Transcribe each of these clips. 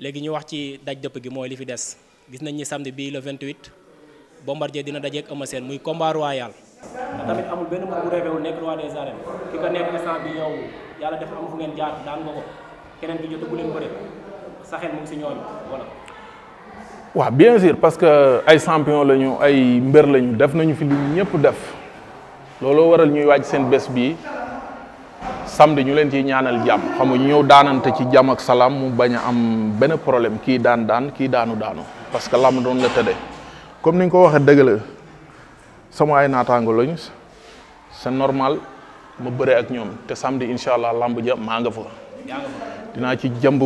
léegi ñu wax ci daj dëpp gi moy li fi des gis nañ ni samedi bi le 28 Bombardier dina dajeeg ak amassène muy combat royal. tamit amul benn mbër bu wu nek roi des arènes ki ko nekk instant bi yow yalla def am fu ngeen jaar daan nga ko keneen gi jottu bu leen bëré sa xel mu ngi si ñooñu voilà. wa bien sûr parce que ay champion lañu ay mbër lañu def nañu fi li ñepp def lolo waral ñuy wajj seen bés bi samedi ñu leen ci ñaanal jamm xam nga ñew daanante ci jamm ak salam mu baña a am benn problème ki daan daan ki daanu daanu parce que lam doon la tëddee comme niñ ko waxe deug la sama ay naataango lañ c'est normal ma bëre ak ñom te samedi inshallah allah lamb ja ma nga fa dina ci jëmb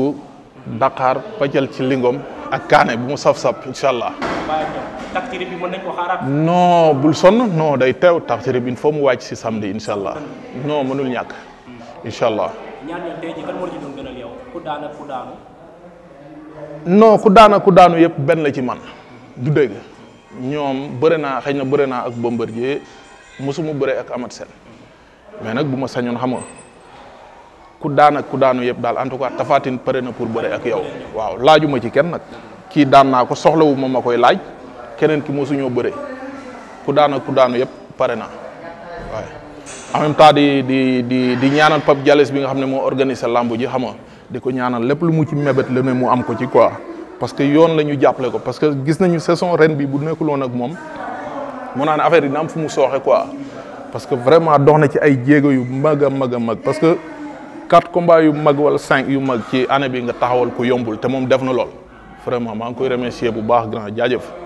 dakar pajal ci lingom ak kané bu mu saf saf inshallah allah bi mo nañ ko xaarat non bul son non day tew taktirib bi fo mu wacc ci samedi inshallah allah non mënul ñak incha allah. ñaan ku daan ku daanu. non yëpp benn la ci man du dëgg ñoom bëre naa xëy na bëre naa ak Bombardier mësuma bëre ak Amat Sen mais nag bu ma sañoon xam ku daan ku daanu yëpp daal en tout cas Tapha pare na pour bëre ak yow waaw laajuma ci kenn nag kii daan naa ko soxlawu ma ma koy laaj keneen ki mosuñoo bëre ku daan ku daanu yëpp pare naa waaye en même temps di di di di ñaanal Pape Diallis bi nga xam ne moo organisé lamb ji xam nga di ko ñaanal lépp lu mu ci mébét la ne mu am ko ci quoi parce que yoon la ñu jàppale ko parce que gis nañu saison ren bi bu nekkul woon ak moom mu naan affaire yi na am fu mu sooxee quoi parce que vraiment dox na ci ay jéego yu mag a mag mag parce que quatre combats yu mag wala cinq yu mag ci année bi nga taxawal ko yombul te moom def na lool vraiment maa ngi koy remercier bu baax grand jaajëf.